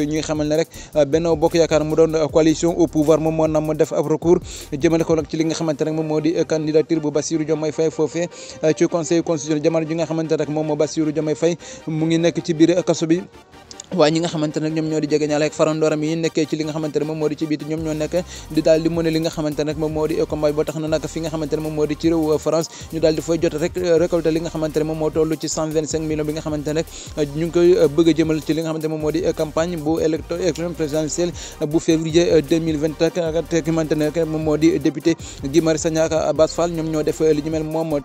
sociaux ñuy xamal ne rek euh, Benno Bokk Yaakaar mu doon euh, coalition au pouvoir moom moo nam mu def ab recours jëmale ko nag ci li nga xamante rek moom moo di euh, candidature bu Bassirou Diomaye Faye foofee ci conseil constitutionnel jamono ji nga xamante rek moom moo Bassirou Diomaye fay mu ngi nekk ci biir kaso bi waaye ñi nga xamante nag ñoom ñoo di jege ñaale ak ne moom moo di ci biir ñoom ñoo nekk a li nga xamante moom moo di a jëmal ci li nga xamante ne moom moo di euh, campagne bu électo élection euh, euh, moo di ak Abass Fall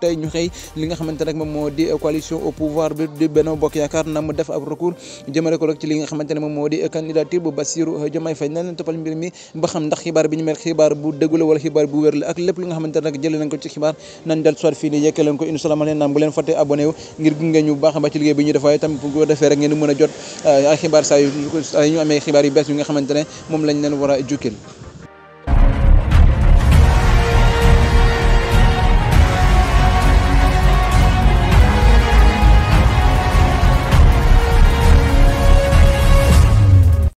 tey ñu xëy li nga xamante nag moom moo di coalition au pouvoir bi di Benno Bokk Yaakaar na mu def ab recours jëmale ko ci li nga xamante ne moom moo di candidature bu Bassirou Diomaye Faye na leen toppal mbir mi ba xam ndax xibaar bi ñu mel xibaar bu dëggu la wala xibaar bu wér ak lépp lu nga xamante ne nag jëlee nañ ko ci xibaar nañ dal soit fii nii yekkee leen ko inshallah ma leen naan bu leen fàtte abonné ngir gunge ñu baax a baax ci liggéey bi ñu def waaye tam bu ko defee rek ngeen mën a jot euh, ay xibaar saa yu ñu amee xibaar yu bees yu nga xamante ne moom lañ leen war a jukkil